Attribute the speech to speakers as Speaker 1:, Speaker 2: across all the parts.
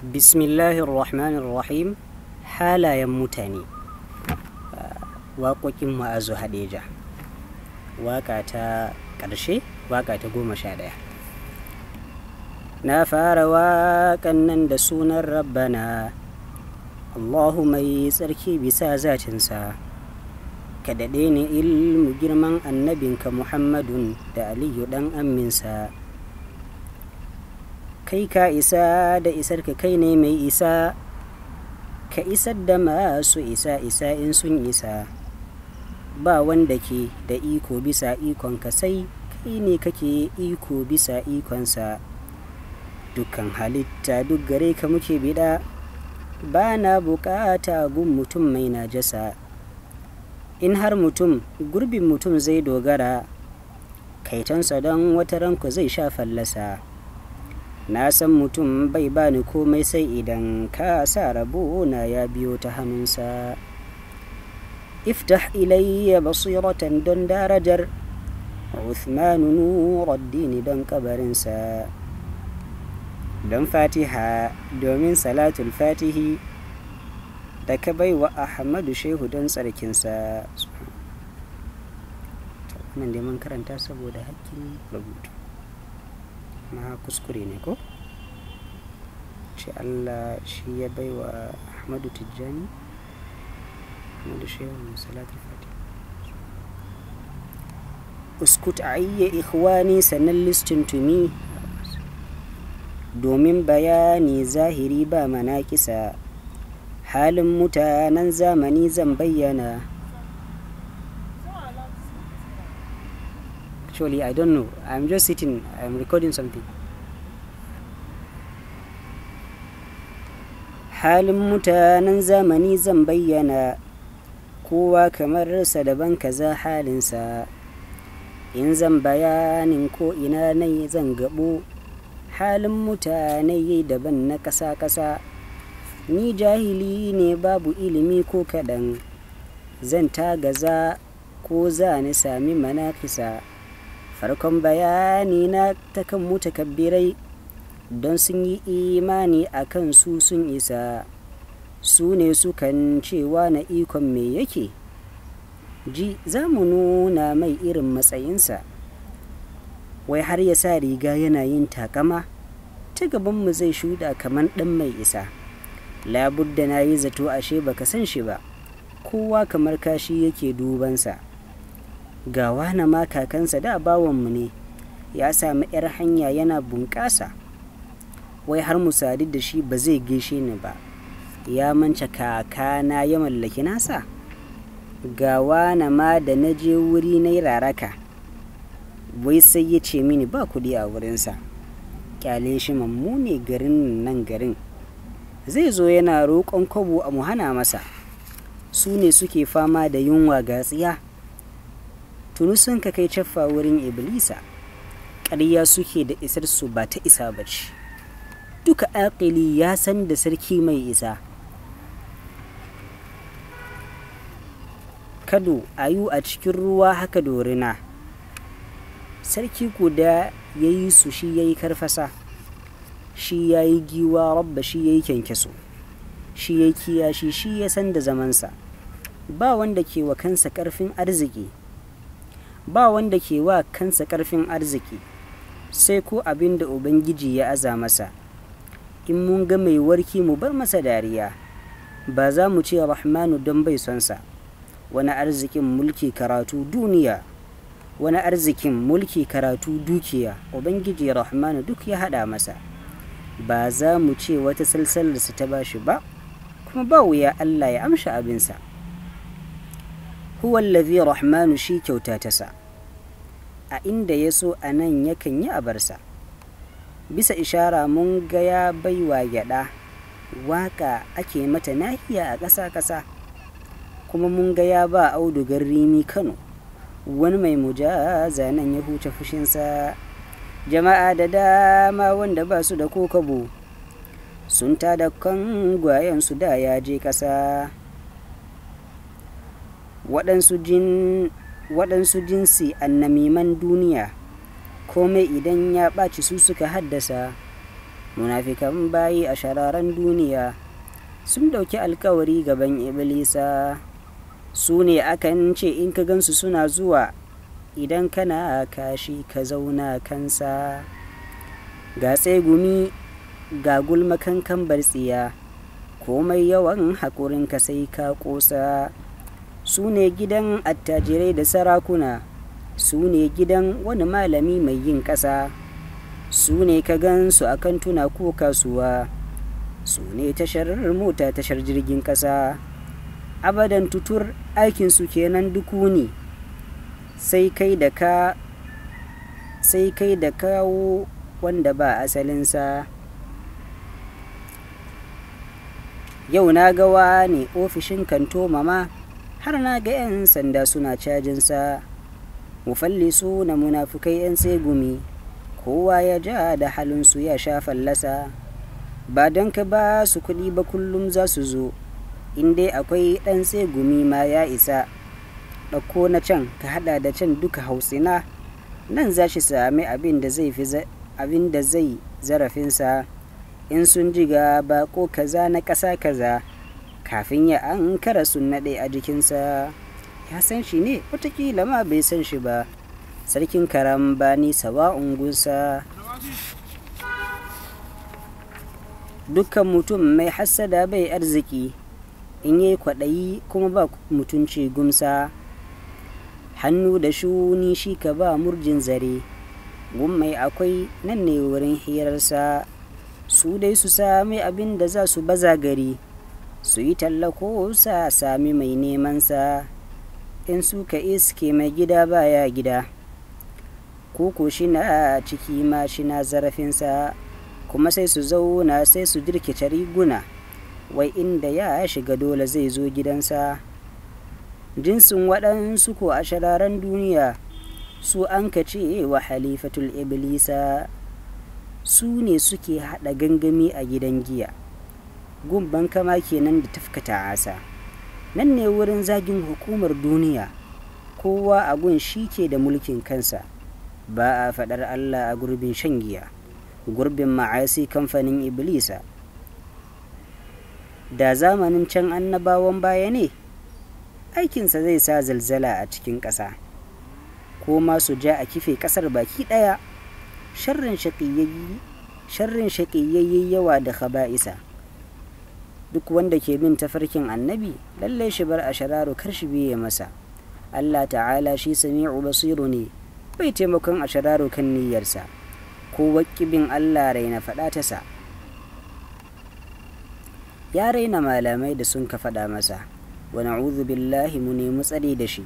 Speaker 1: bismillahir halayen mutane waƙoƙin ma'azu hadeja waƙa ta ƙarshe waƙa ta goma sha ɗaya na fara waƙan nan da sunan rabbana allahu mai tsarki bisa zatinsa ka daɗe ni ilmu girman annabinka muhammadun da aliyu ɗan aminsa kai ka isa da isarka kai ne mai isa ka isar da masu isa isa in sun isa ba wanda ke da iko bisa ikonka sai kai ne kake iko bisa ikonsa dukkan halitta duk gare ka muke bida ba na bukata gun mutum mai najasa in har mutum gurbin mutum zai dogara kaitansa don wata ranku zai sha fallasa na san mutum bai bani komai sai idan ka sa rabona na ya biyo ta hannunsa iftah ilayya basiratan don darajar Uthmanu Nuruddin don ƙabarinsa. don fatiha domin salatul fatihi da ka bai wa Ahmadu Shehu don tsarkinsa. Wannan mun karanta saboda hakkin rubutu. na kuskure ne ko shi allah shi ya bai wa ahmadu tijjani ahmadu shehu musalatul fati uskut ayya ikhwani sannan to tumi domin bayani zahiri ba manakisa halin mutanen zamani zan bayyana Actually, I don't know. I'm just sitting. I'm recording something. Halin mutanen zamani zan bayyana kowa kamar rasa daban kaza halinsa. In zan bayanin ko ina nai zan gabo halin mutane daban na ƙasa-ƙasa. Ni jahili ne babu ilimi ko kaɗan. Zan tagaza ko za ni sami manakisa. farkon bayani na ta kan mutakabbirai don sun yi imani a kan su sun isa su ne sukan cewa na ikon me yake ji za mu nuna mai irin matsayinsa wai har ya sa riga yana yin takama ta gabanmu zai shuda kamar ɗan mai isa labudda na yi zato ashe baka san shi ba kowa kamar kashi yake dubansa ga wani ma kakansa da bawanmu ne ya sami 'yar hanya yana bunƙasa wai har musadi da shi ba zai gaishe ni ba ya manca kakana ya mallaki nasa ga wani ma da na je wuri na raraka wai sai ya ce mini ba kuɗi a wurinsa kyale shi mammune garin nan garin zai zo yana roƙon kwabo a muhana masa su ne suke fama da yunwa ga tsiya tuni sun ka kai caffa wurin iblisa ƙarya suke da isar su ba ta isa ba ce duka aƙili ya san da sarki mai isa kado ayu a cikin ruwa haka dorina sarki guda ya yi su shi ya yi karfasa shi ya yi giwa rabba shi ya yi kyankyaso shi ya yi kiyashi shi ya san da zamansa ba wanda ke wa kansa karfin arziki ba wanda ke wa kansa ƙarfin arziki sai ko abin da ubangiji ya aza masa in mun ga mai warki mu bar masa dariya ba za mu ce rahmanu don bai sonsa wani arzikin mulki karatu duniya wani arzikin mulki karatu dukiya ubangiji rahmanu duk ya haɗa masa ba za mu ce wata salsalarsa ta bashi ba kuma ba wuya allah ya amsha abinsa lafi rahmanu shi kyauta ta sa. a inda ya so a nan yakan yi a barsa. bisa ishara mun ga ya baiwa gyada waka ake mata nahiya a ƙasa-ƙasa kuma mun ga ya ba Audu rimi kano wani mai mujaza nan ya huce fushinsa jama'a da dama wanda ba su da kokabo sun tada kan gwayen su da ya je ƙasa waɗansu jinsi annamiman duniya komai idan ya ɓaci su suka haddasa munafikan bayi a shararan duniya sun ɗauki alkawari gaban iblisa su ne akan ce in ka gansu suna zuwa idan kana kashi ka zauna kansa ga tsegumi ga gulma kankan tsiya komai yawan haƙurinka sai ka ƙosa su ne gidan attajirai da sarakuna su ne gidan wani malami mai yin ƙasa su ne ka gan su a kantuna ko kasuwa su ne tashar mota tashar jirgin ƙasa abadan tutur aikinsu kenan duku ne sai kai da sai kai da kawo wanda ba asalinsa yau na gawa ne ofishin kanto mama har na ga 'yan sanda suna cajin cajinsa su na munafukai 'yan sai gumi kowa ya ja da halinsu ya sha fallasa ba don ka ba su kuɗi ba kullum za su zo in dai akwai ɗan sai gumi ma ya isa ɗauko na can ka haɗa da can duka hausina nan za shi sami abin da zai fi abin da zai zarafinsa in sun jiga baƙo kaza na ƙasa kaza kafin ya ankara sun naɗe a jikinsa ya san shi ne watakila ma bai san shi ba sarkin karam bani sawa ungunsa dukkan mutum mai hassada bai arziki in yi kwaɗayi kuma ba mutunci gumsa hannu da shuni shi ka ba murjin zare mai akwai nan ne wurin hirarsa su dai su sami abin da za su baza gari su yi tallako sa sami mai nemansa in suka iske mai gida baya gida kuku shi na ciki ma shi na zarafinsa kuma sai su zauna sai su jirkita riguna wai inda ya shiga dole zai zo gidansa jinsin waɗansu ko a shararen duniya su an ka ce wa halifatul iblisa su ne suke haɗa gangami a gidan giya gumban kama kenan da tafka ta'asa nan ne wurin zagin hukumar duniya kowa a gun shi ke da mulkin kansa ba a faɗar allah a gurbin shan giya gurbin ma'asi kamfanin iblisa da zamanin can annabawan baya ne aikinsa zai sa zalzala a cikin ƙasa ko ma su ja a kife ƙasar baki ɗaya sharrin shaƙiyayyi yawa da haba'isa duk wanda ke bin tafarkin annabi lallai shi bar a shararu kar shi biye masa Allah ta'ala shi sami'u basiru ne bai taimakon a shararu kan niyyarsa ko wakki bin Allah raina faɗa ta sa ya raina malamai da sun ka faɗa masa wa na'udhu billahi mu nemi tsare da shi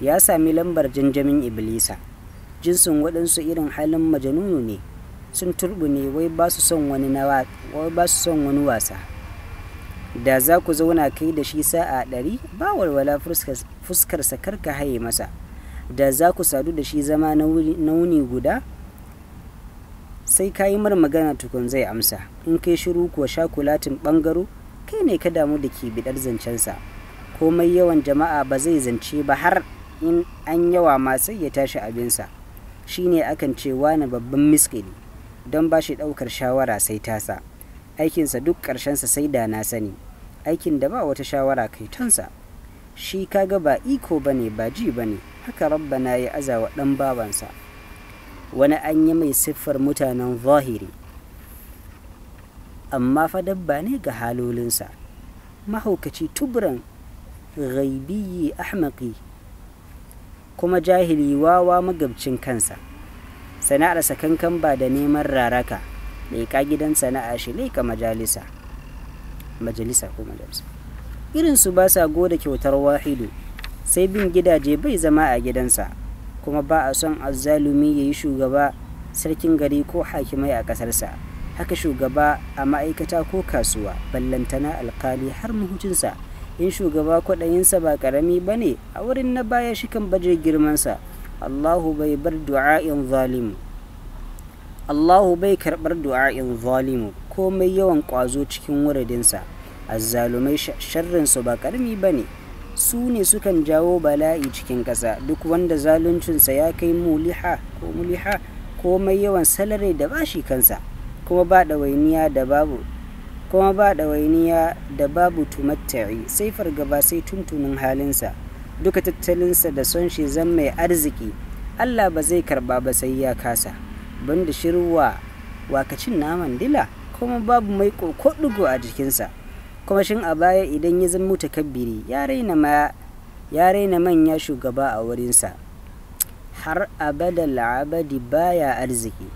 Speaker 1: ya sami lambar janjamin iblisa jinsin waɗansu irin halin majanunu ne sun turbune wai ba su son wani wasa da za ku zauna kai da shi sa'a ɗari ba walwala fuskarsa karka haye masa da za ku sadu da shi zama na wuni guda sai ka yi mar magana tukun zai amsa in kai shiru kuwa shakulatin ɓangaro kai ne ka damu da ke biɗar zancensa komai yawan jama'a ba zai zance ba har in an yawa ma sai ya tashi abinsa shine akan cewa na babban miskili don ba shi ɗaukar shawara sai tasa aikinsa duk ƙarshen sa sai da na sani aikin da ba wata shawara kai tonsa shi kaga ba iko ba ne ba ji ba ne haka rabbana ya wa ɗan babansa wani an yi mai siffar mutanen zahiri amma fa dabba ne ga halolinsa mahaukaci tuburan ghaibiyi ahmaki kuma jahili wawa magabcin kansa sana'arsa kankan ba da neman raraka leƙa gidan sana'a shi laika majalisa majalisa ko majalisa su ba sa goda kyautar wahidu sai bin gidaje bai zama a gidansa kuma ba a son azzalumi ya yi shugaba sarkin gari ko hakimai a ƙasarsa haka shugaba a ma'aikata ko kasuwa ballantana alkali har mahucinsa in shugaba kwaɗayinsa ba ƙarami ba ne a wurin na baya shi kan baje girmansa allahu bai bar du'a'in zalimu Allahu bai karɓar du'a'in zalimu komai yawan ƙwazo cikin wuridinsa azzalumai sharrinsu ba ƙarami ba ne su ne sukan jawo bala'i cikin ƙasa duk wanda zaluncinsa ya kai muliha ko muliha yawan salare da bashi kansa kuma ba ɗawainiya da babu kuma ba ɗawainiya da babu sai fargaba sai tuntunin halinsa duka tattalinsa da son shi zan mai arziki Allah ba zai karɓa ba sai ya kasa ban banda shirwa wakacin naman dila kuma babu mai ko a jikinsa kuma shin a baya idan ya zama mutakabbiri ya raina man ya manya shugaba a wurinsa har abada la'abadi baya arziki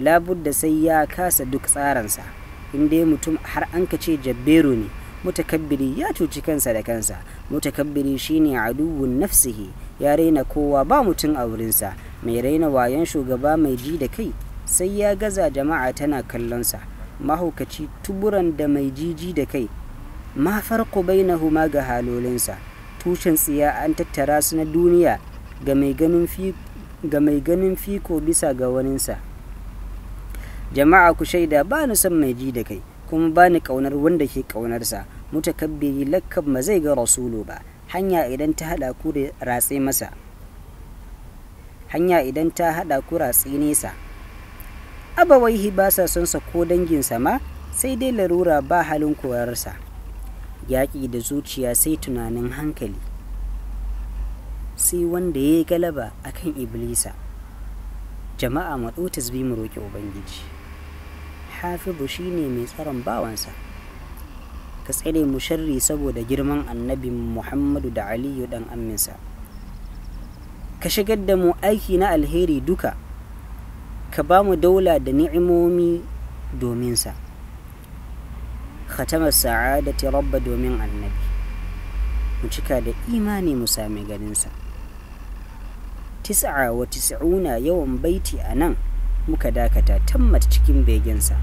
Speaker 1: labudda sai ya kasa duk tsaransa inda mutum har an ka ce jabbero ne mutakabbiri ya cuci kansa da kansa mutakabbiri shine aduwun nafsihi ya raina kowa ba mutum a wurinsa mai raina wayan shugaba mai ji da kai sai ya gaza jama'a tana kallonsa mahaukaci tuburan da mai jiji da kai ma farko huma ga halolinsa tushen tsiya an tattara su na duniya ga mai ganin fiko bisa ga waninsa jama'a ku shaida ba ni son mai ji da kai kuma ba ni kaunar wanda ke ƙaunarsa mutakabbiri lakkab ma zai ga rasulu ba hanya idan ta haɗa ku da ratse masa hanya idan ta haɗa kuratsi nesa abawaihi ba sa son sa ko danginsa ma sai dai larura ba halin koyarsa yaƙi da zuciya sai tunanin hankali sai wanda ya yi galaba kan iblisa jama'a maɗo tasbi mu roƙi ubangiji hafizu shine mai tsaron bawansa ka tsare mu sharri saboda girman annabi muhammadu da aliyu ɗan aminsa ka shigar da mu aiki na alheri duka ka ba mu daula da ni'imomi dominsa khatamar sa'adati rabba domin annabi mu cika da imani mu sami ganinsa tis'a wa tis'una yawan baiti a nan muka dakata tammata cikin begensa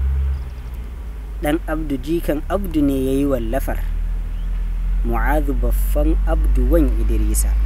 Speaker 1: ɗan abdu jikan abdu ne ya yi wallafar mu'azubaffan abdu wan idrisa